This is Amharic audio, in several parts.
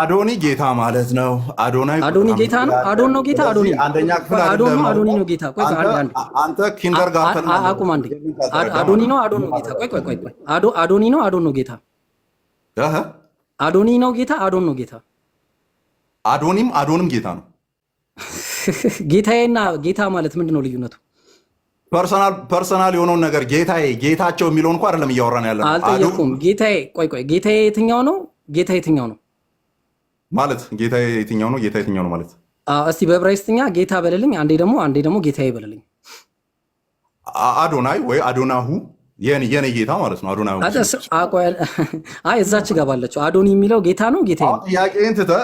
አዶኒ ጌታ ማለት ነው። አዶናይ አዶኒ ጌታ ነው። አዶን ነው ጌታ። አዶኒ አንደኛ ክፍል አዶን አዶኒ ነው ጌታ። ቆይ አንተ ኪንደርጋርተን አቁም። አንዴ አዶኒ ነው። አዶን ነው ጌታ። ቆይ ቆይ ቆይ ቆይ አዶ አዶኒ ነው። አዶን ነው ጌታ። እህ አዶኒ ነው ጌታ። አዶን ነው ጌታ። አዶኒም አዶንም ጌታ ነው። ጌታዬና ጌታ ማለት ምንድን ነው ልዩነቱ? ፐርሰናል ፐርሰናል የሆነውን ነገር ጌታዬ ጌታቸው የሚለውን እንኳ አይደለም እያወራን ያለ አልጠየቁም። ጌታዬ ቆይ ቆይ ጌታዬ የትኛው ነው? ጌታ የትኛው ነው ማለት ጌታ የትኛው ነው? ጌታ የትኛው ነው ማለት እስቲ በዕብራይስጥኛ ጌታ በልልኝ አንዴ ደግሞ አንዴ ደግሞ ጌታዬ በልልኝ። አዶናይ ወይ አዶናሁ የኔ ጌታ ማለት ነው። አዶናሁ አይ እዛች ገባለችው አዶኒ የሚለው ጌታ ነው ጌታ ጥያቄን ትተ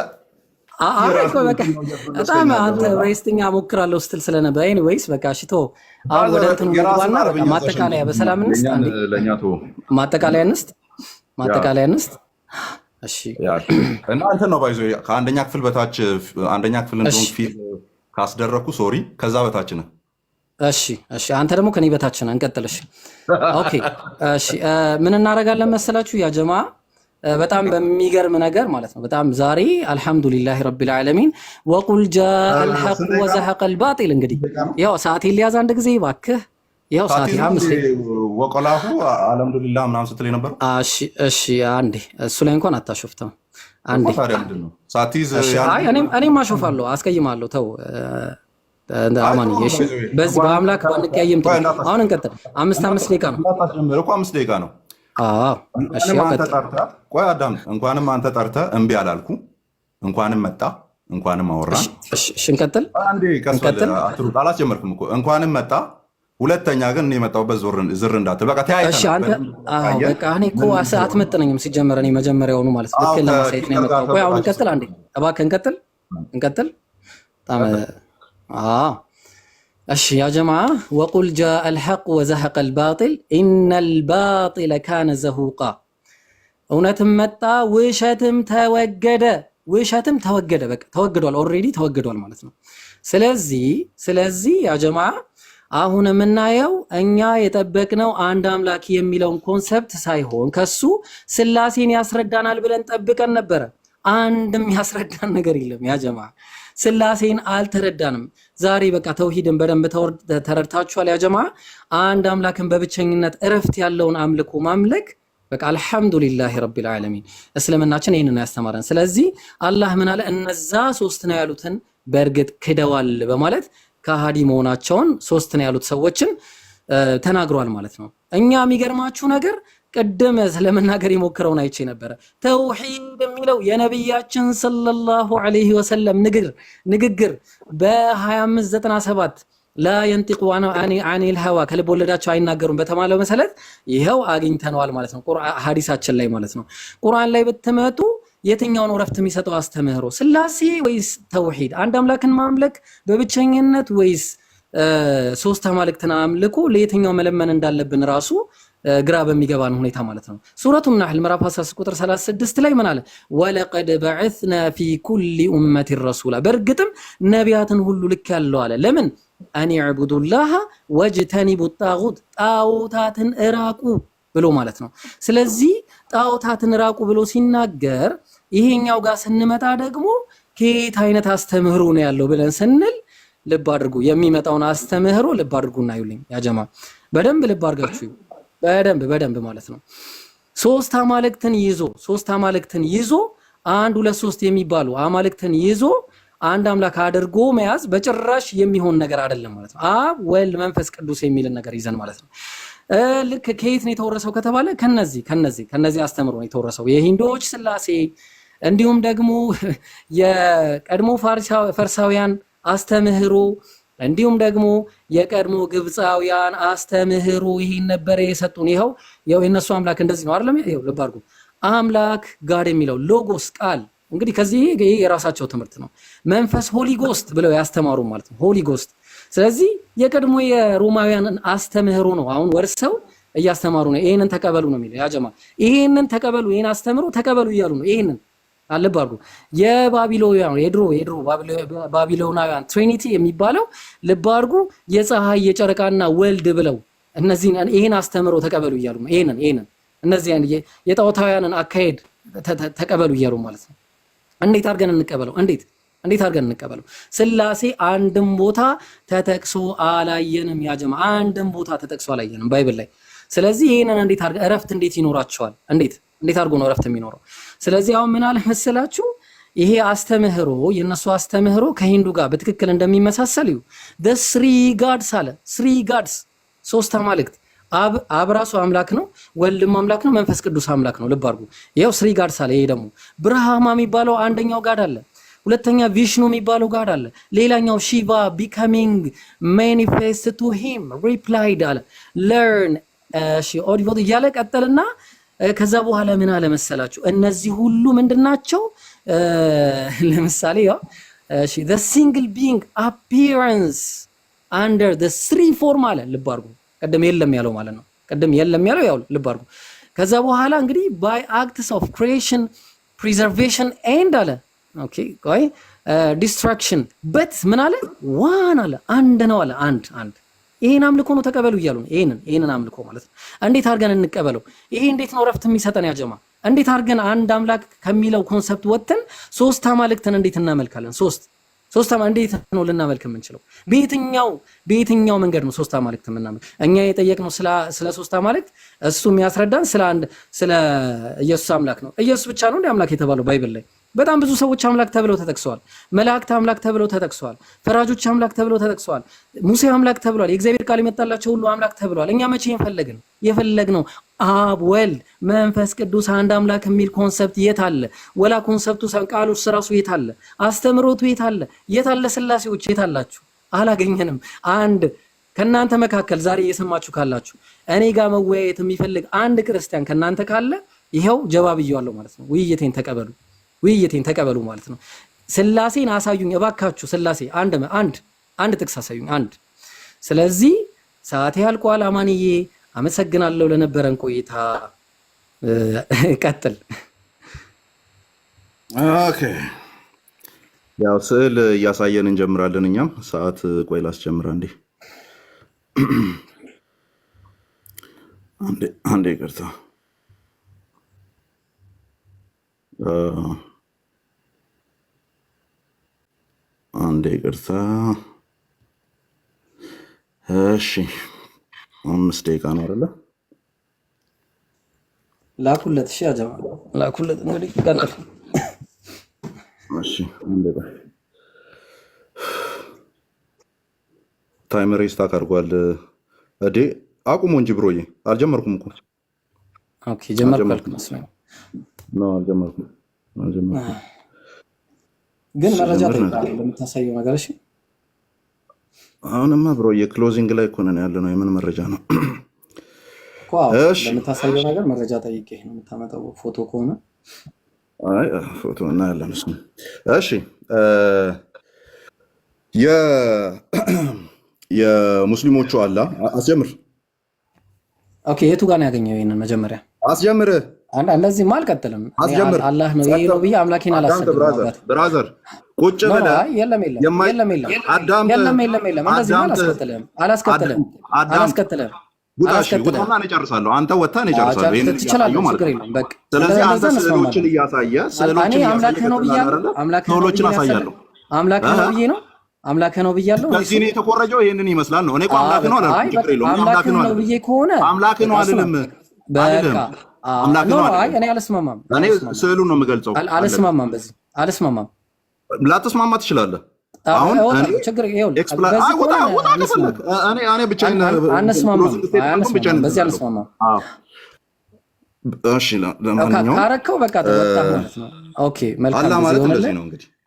በጣም አንተ ዕብራይስጥኛ ሞክራለሁ ስትል ስለነበረ ኤኒዌይስ በቃ ሽቶ አሁን ወደ እንትኑ ግባና ማጠቃለያ በሰላም እንስጥ። ማጠቃለያ እንስጥ። ማጠቃለያ እንስጥ እና እንትን ነው ባይዞ ከአንደኛ ክፍል በታች አንደኛ ክፍል እንደሆን ፊት ካስደረግኩ ሶሪ፣ ከዛ በታች ነህ። እሺ እሺ፣ አንተ ደግሞ ከኔ በታች ነህ። እንቀጥል። ኦኬ። እሺ ምን እናደርጋለን መሰላችሁ ያ ጀማ በጣም በሚገርም ነገር ማለት ነው። በጣም ዛሬ አልሐምዱሊላህ ረቢል ዓለሚን ወቁል ጃ አልሐቅ ወዘሐቀል ባጢል። እንግዲህ ያው ሰዓቴን ሊያዝ አንድ ጊዜ ባክህ ያው ሳቲሃ ወቆላሁ አልሐምዱሊላህ ምናምን ስትል የነበረው እሺ፣ እሺ አንዴ እሱ ላይ እንኳን አታሾፍተው። አንዴ እኔም አሾፋለሁ፣ አስቀይማለሁ። ተው አማንዬ፣ እሺ፣ በዚህ በአምላክ ባንቀያየም። አሁን እንቀጥል። አምስት አምስት ደቂቃ ነው እኮ አምስት ደቂቃ ነው። ቆይ አዳም እንኳንም አንተ ጠርተህ እምቢ አላልኩ። እንኳንም መጣ እንኳንም አወራን። እንቀጥል። አላስጀመርኩም እኮ እንኳንም መጣ ሁለተኛ ግን እኔ የመጣሁበት ዝር እንዳትል በቃ እኔ እኮ አትመጥነኝም። ሲጀመር እኔ መጀመሪያውኑ ማለት ነው ልክ ለማሳየት ነው የመጣሁት። ቆይ አሁን እንቀጥል፣ አንዴ እባክህ እንቀጥል፣ እንቀጥል። እሺ ያ ጀማ ወቁል ጃአ አልሐቅ ወዘሐቀ አልባጢል ኢነ አልባጢለ ካነ ዘሁቃ። እውነትም መጣ ውሸትም ተወገደ፣ ውሸትም ተወገደ። በቃ ተወግዷል፣ ኦልሬዲ ተወግዷል ማለት ነው። ስለዚህ ስለዚህ ያ ጀማ አሁን የምናየው እኛ የጠበቅነው አንድ አምላክ የሚለውን ኮንሰፕት ሳይሆን ከሱ ስላሴን ያስረዳናል ብለን ጠብቀን ነበረ። አንድም ያስረዳን ነገር የለም። ያ ጀማ ስላሴን አልተረዳንም። ዛሬ በቃ ተውሂድን በደንብ ተረድታችኋል። ያ ጀማ አንድ አምላክን በብቸኝነት እረፍት ያለውን አምልኮ ማምለክ በቃ አልሐምዱሊላህ ረቢል ዓለሚን እስልምናችን ይህንን ያስተማረን። ስለዚህ አላህ ምን አለ? እነዛ ሶስት ነው ያሉትን በእርግጥ ክደዋል በማለት ከሃዲ መሆናቸውን ሶስት ነው ያሉት ሰዎችን ተናግሯል ማለት ነው። እኛ የሚገርማችሁ ነገር ቅድም ስለመናገር የሞክረውን አይቼ ነበረ። ተውሂድ የሚለው የነቢያችን ሰለላሁ ዐለይሂ ወሰለም ንግግር በ2597 ላ የንጢቁ አኒል ሀዋ ከልብ ወለዳቸው አይናገሩም በተማለው መሰረት ይኸው አግኝተነዋል ማለት ነው፣ ሀዲሳችን ላይ ማለት ነው። ቁርአን ላይ ብትመጡ የትኛው ነው ረፍት የሚሰጠው አስተምህሮ? ስላሴ ወይስ ተውሂድ? አንድ አምላክን ማምለክ በብቸኝነት ወይስ ሶስት አማልክትን አምልኮ ለየትኛው መለመን እንዳለብን ራሱ ግራ በሚገባን ሁኔታ ማለት ነው። ሱረቱ ናህል ምዕራፍ 16 ቁጥር 36 ላይ ምን አለ? ወለቀድ በዕትና ፊ ኩሊ ኡመቲን ረሱላ፣ በእርግጥም ነቢያትን ሁሉ ልክ ያለው አለ። ለምን አን ዕቡዱላህ ወጅተኒቡ ጣጉት፣ ጣዖታትን እራቁ ብሎ ማለት ነው። ስለዚህ ጣዖታትን እራቁ ብሎ ሲናገር ይሄኛው ጋር ስንመጣ ደግሞ ከየት አይነት አስተምህሮ ነው ያለው ብለን ስንል ልብ አድርጉ። የሚመጣውን አስተምህሮ ልብ አድርጉ እናዩልኝ። ያጀማ በደንብ ልብ አድርጋችሁ በደንብ በደንብ ማለት ነው። ሶስት አማልክትን ይዞ ሶስት አማልክትን ይዞ አንድ ሁለት ሶስት የሚባሉ አማልክትን ይዞ አንድ አምላክ አድርጎ መያዝ በጭራሽ የሚሆን ነገር አይደለም ማለት ነው። አብ ወልድ መንፈስ ቅዱስ የሚልን ነገር ይዘን ማለት ነው። ልክ ከየት ነው የተወረሰው ከተባለ ከነዚህ ከነዚህ ከነዚህ አስተምሮ ነው የተወረሰው የሂንዶች ስላሴ እንዲሁም ደግሞ የቀድሞ ፈርሳውያን አስተምህሮ እንዲሁም ደግሞ የቀድሞ ግብፃውያን አስተምህሮ ይሄን ነበረ የሰጡን። ይኸው የእነሱ አምላክ እንደዚህ ነው አይደለም? ይኸው ልብ አድርጉ። አምላክ ጋር የሚለው ሎጎስ ቃል እንግዲህ ከዚህ ይሄ የራሳቸው ትምህርት ነው። መንፈስ ሆሊ ጎስት ብለው ያስተማሩ ማለት ነው። ሆሊ ጎስት። ስለዚህ የቀድሞ የሮማውያንን አስተምህሮ ነው አሁን ወርሰው እያስተማሩ ነው። ይሄንን ተቀበሉ ነው የሚለው ያጀማ። ይሄንን ተቀበሉ፣ ይሄን አስተምሮ ተቀበሉ እያሉ ነው። ይሄንን አለባሉ የባቢሎናውያን የድሮ የድሮ ባቢሎናውያን ትሪኒቲ የሚባለው ልብ አድርጉ። የፀሐይ የጨረቃና ወልድ ብለው እነዚህን ይሄን አስተምሮ ተቀበሉ እያሉ ነው። ይሄንን ይሄንን እነዚህን የጣዖታውያንን አካሄድ ተቀበሉ እያሉ ማለት ነው። እንዴት አድርገን እንቀበለው? እንዴት እንዴት አድርገን እንቀበለው? ስላሴ አንድም ቦታ ተጠቅሶ አላየንም። ያጀማ አንድም ቦታ ተጠቅሶ አላየንም ባይብል ላይ። ስለዚህ ይሄንን እንዴት አድርገን እረፍት እንዴት ይኖራቸዋል? እንዴት እንዴት አድርጎ ነው እረፍት የሚኖረው? ስለዚህ አሁን ምን አለ መሰላችሁ ይሄ አስተምህሮ የነሱ አስተምህሮ ከሂንዱ ጋር በትክክል እንደሚመሳሰል ይሁ ስሪ ጋድስ አለ ስሪ ጋድስ ሶስት አማልክት አብ ራሱ አምላክ ነው፣ ወልድም አምላክ ነው፣ መንፈስ ቅዱስ አምላክ ነው። ልብ አድርጉ። ስሪ ጋድ ሳለ ይሄ ደግሞ ብርሃማ የሚባለው አንደኛው ጋድ አለ፣ ሁለተኛ ቪሽኑ የሚባለው ጋድ አለ፣ ሌላኛው ሺቫ ቢካሚንግ ማኒፌስት ቱ ሂም ሪፕላይድ አለ ለርን ኦዲቮት እያለ ቀጠልና ከዛ በኋላ ምን አለ መሰላችሁ? እነዚህ ሁሉ ምንድን ናቸው? ለምሳሌ ያው ሲንግል ቢንግ አፒራንስ አንደር ስሪ ፎርም አለ ልብ አድርጉ ቅድም የለም ያለው ማለት ነው። ቅድም የለም ያለው ያው ልብ አድርጉ። ከዛ በኋላ እንግዲህ ባይ አክትስ ኦፍ ክሪኤሽን ፕሪዘርቬሽን ኤንድ አለ ኦኬ ቆይ ዲስትራክሽን በት ምን አለ ዋን አለ አንድ ነው አለ አንድ አንድ ይሄን አምልኮ ነው ተቀበሉ እያሉ ነው። ይሄንን ይሄንን አምልኮ ማለት ነው። እንዴት አድርገን እንቀበለው? ይሄ እንዴት ነው ረፍት የሚሰጠን? ያጀማ እንዴት አድርገን አንድ አምላክ ከሚለው ኮንሰፕት ወጥተን ሶስት አማልክትን እንዴት እናመልካለን? ሶስት ሶስት ሶስታማ እንዴት ነው ልናመልክ የምንችለው? በየትኛው በየትኛው መንገድ ነው ሶስት አማልክት የምናመልክ? እኛ የጠየቅነው ስለ ስለ ሶስት አማልክት፣ እሱ የሚያስረዳን ስለ አንድ ስለ ኢየሱስ አምላክ ነው። ኢየሱስ ብቻ ነው እንደ አምላክ የተባለው ባይብል ላይ። በጣም ብዙ ሰዎች አምላክ ተብለው ተጠቅሰዋል። መላእክት አምላክ ተብለው ተጠቅሰዋል። ፈራጆች አምላክ ተብለው ተጠቅሰዋል። ሙሴ አምላክ ተብሏል። የእግዚአብሔር ቃል የመጣላቸው ሁሉ አምላክ ተብሏል። እኛ መቼ የፈለግን የፈለግነው አብ ወልድ መንፈስ ቅዱስ አንድ አምላክ የሚል ኮንሰፕት የት አለ? ወላ ኮንሰፕቱ ቃሉ ራሱ የት አለ? አስተምሮቱ የት አለ? የት አለ? ስላሴዎች የት አላችሁ? አላገኘንም። አንድ ከእናንተ መካከል ዛሬ እየሰማችሁ ካላችሁ እኔ ጋር መወያየት የሚፈልግ አንድ ክርስቲያን ከእናንተ ካለ ይኸው ጀባ ብያዋለሁ ማለት ነው። ውይይቴን ተቀበሉ፣ ውይይቴን ተቀበሉ ማለት ነው። ስላሴን አሳዩኝ እባካችሁ። ስላሴ አንድ አንድ አንድ ጥቅስ አሳዩኝ አንድ። ስለዚህ ሰዓቴ አልቋል። አማንዬ አመሰግናለሁ ለነበረን ቆይታ። ቀጥል። ኦኬ ያው ስዕል እያሳየን እንጀምራለን። እኛም ሰዓት ቆይ ላስጀምር አንዴ አንዴ ይቅርታ። አንዴ ይቅርታ። እሺ አምስት ደቂቃ ነው አይደለ? ላኩለት። እሺ አጀማ ላኩለት። እንግዲህ ቀጥል። እሺ ታይመር አድርጓል። እዴ አቁሞ እንጂ ብሮዬ፣ አልጀመርኩም እኮ ጀመርኩ መስሎኝ አልጀመርኩም፣ ግን መረጃ ለምታሳየው ነገር እሺ አሁንማ ብሮ የክሎዚንግ ላይ እኮ ነን ያለ ነው። የምን መረጃ ነው ለምታሳየው ነገር መረጃ ጠይቄ ነው የምታመጣው። ፎቶ ከሆነ ፎቶ እናያለን። እሺ የሙስሊሞቹ አላ አስጀምር። ኦኬ የቱ ጋር ነው ያገኘው? ይህንን መጀመሪያ አስጀምር። እንደዚህማ አልቀጥልም። አላህ ነው ይሄ ነው ብዬ አምላኬን አላሰብም። ብራዘር ቁጭ ብለህ የለም አንተ ወጥተህ ስለዚህ አንተ ስዕሎችን እያሳየህ ስዕሎችን አሳያለሁ። ነው ብዬ ነው አምላክ ነው ብያለሁ። ከዚህ ነው የተኮረጀው። ይህንን ይመስላል ነው። እኔ አምላክ ነው አምላክ ነው ብዬ ከሆነ አምላክ ነው አልልም አልልም። አምላክ ነው። አይ እኔ አልስማማም። እኔ ስዕሉን ነው የምገልጸው። አልስማማም፣ በዚህ አልስማማም። ላተስማማ ትችላለህ። አሁን እኔ ብቻዬን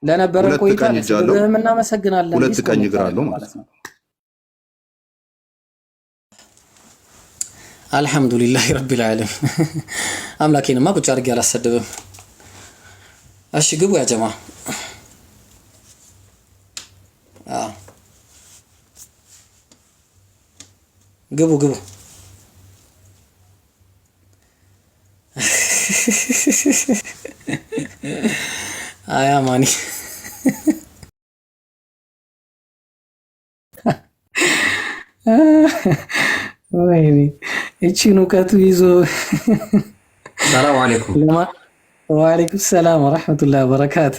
ለነበረ ቆይታ እናመሰግናለን። ሁለት ቀኝ እግር አለው ማለት ነው። አልሐምዱሊላህ ረቢል ዓለም አምላኬንማ ቁጭ አድርጌ አላሰደብም። እሺ ግቡ ያጀማ ግቡ ግቡ። አያ ማኒ ወይኔ እቺን እውቀቱ ይዞ ሰላም አለይኩም ወአለይኩም ሰላም ወረሕመቱላሂ ወበረካቱ።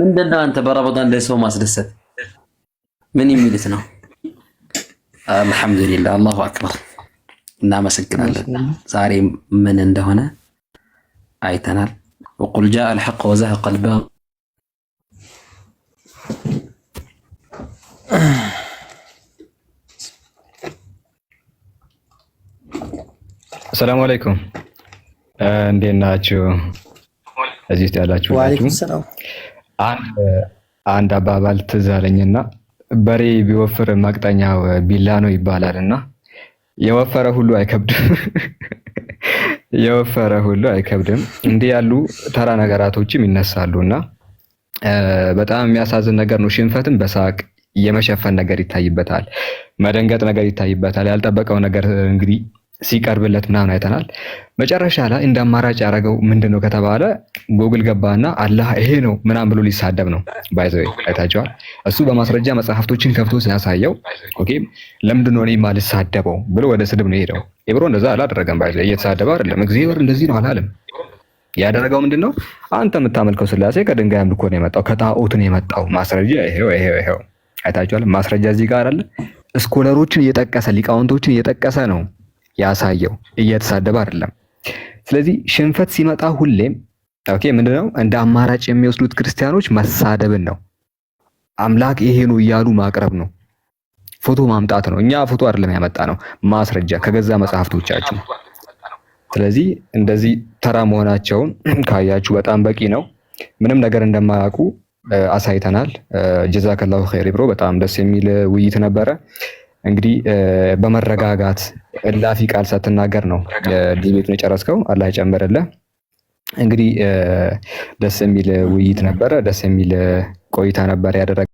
ምንድነው አንተ በረመዳን ላይ ሰው ማስደሰት ምን የሚሉት ነው? አልሐምዱሊላ አላሁ አክበር። እናመሰግናለን። ዛሬ ምን እንደሆነ አይተናል። ወቁል ጃ አልሐቅ ወዘሀቀ አልባጢል ሰላሙ አለይኩም እንዴት ናችሁ? እዚህ ውስጥ ያላችሁ አንድ አባባል ትዝ አለኝና በሬ ቢወፍር ማቅጠኛው ቢላ ነው ይባላል እና የወፈረ ሁሉ አይከብድም። የወፈረ ሁሉ አይከብድም። እንዲህ ያሉ ተራ ነገራቶችም ይነሳሉ እና በጣም የሚያሳዝን ነገር ነው። ሽንፈትም በሳቅ የመሸፈን ነገር ይታይበታል። መደንገጥ ነገር ይታይበታል። ያልጠበቀው ነገር እንግዲህ ሲቀርብለት ምናምን አይተናል። መጨረሻ ላይ እንደ አማራጭ ያደረገው ምንድን ነው ከተባለ ጎግል ገባና አላህ ይሄ ነው ምናምን ብሎ ሊሳደብ ነው። ባይዘ አይታቸዋል። እሱ በማስረጃ መጽሐፍቶችን ከፍቶ ሲያሳየው ለምንድን ነው እኔ የማልሳደበው ብሎ ወደ ስድብ ነው ሄደው። ኤብሮ እንደዛ አላደረገም። ባይዘ እየተሳደበ አይደለም። እግዚአብሔር እንደዚህ ነው አላለም። ያደረገው ምንድን ነው? አንተ የምታመልከው ስላሴ ከድንጋይ አምልኮ ነው የመጣው፣ ከጣዖት ነው የመጣው። ማስረጃ ይሄው ይሄው ይሄው። አይታቸዋል። ማስረጃ እዚህ ጋር አለ። ስኮለሮችን እየጠቀሰ ሊቃውንቶችን እየጠቀሰ ነው ያሳየው እየተሳደበ አይደለም። ስለዚህ ሽንፈት ሲመጣ ሁሌም ኦኬ ምንድነው እንደ አማራጭ የሚወስዱት ክርስቲያኖች መሳደብን ነው። አምላክ ይሄ ነው እያሉ ማቅረብ ነው። ፎቶ ማምጣት ነው። እኛ ፎቶ አይደለም ያመጣ ነው፣ ማስረጃ ከገዛ መጽሐፍቶቻችሁ። ስለዚህ እንደዚህ ተራ መሆናቸውን ካያችሁ በጣም በቂ ነው። ምንም ነገር እንደማያውቁ አሳይተናል። ጀዛከላሁ ኸይር ብሮ በጣም ደስ የሚል ውይይት ነበረ። እንግዲህ በመረጋጋት እላፊ ቃል ሳትናገር ነው ዲቤቱን የጨረስከው። አላህ ይጨምርልህ። እንግዲህ ደስ የሚል ውይይት ነበረ። ደስ የሚል ቆይታ ነበር ያደረገ